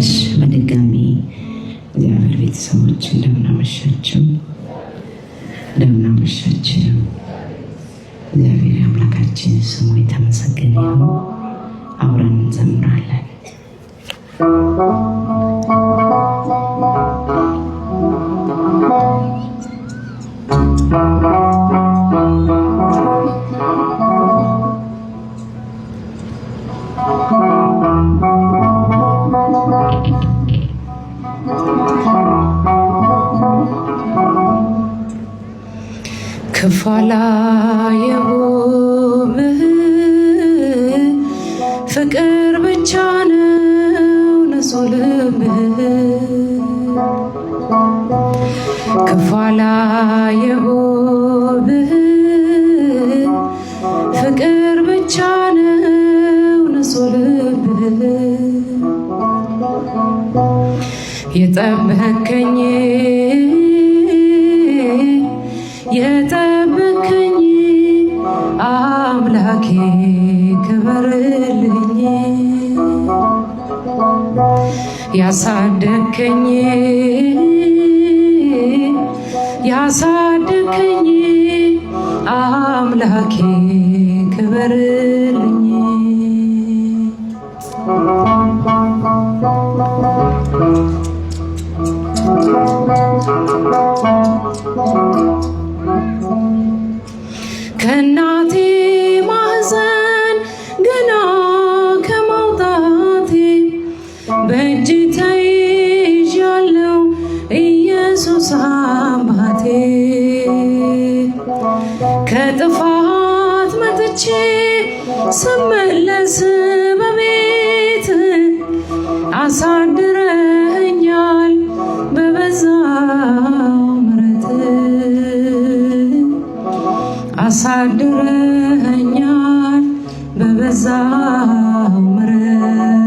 እሺ በድጋሚ እግዚአብሔር ቤተሰቦች እንደምናመሻችው እንደምናመሻችው እግዚአብሔር አምላካችን ስሙ የተመሰገነ ይሁን። አብረን እንዘምራለን። Thank ክፋላ የውብህ ፍቅር ብቻ ነው ንጹህ ልብህ ክፋላ የውብህ ፍቅር ብቻ ነው ንጹህ ልብህ የጠበከኝ አምላኬ ክበርልኝ ያሳደከኝ ያሳደከኝ አምላኬ ክበርልኝ ከናቴ ወጥቼ ስመለስ በቤት አሳድረኛል በበዛ ምረት አሳድረኛል በበዛ ምረት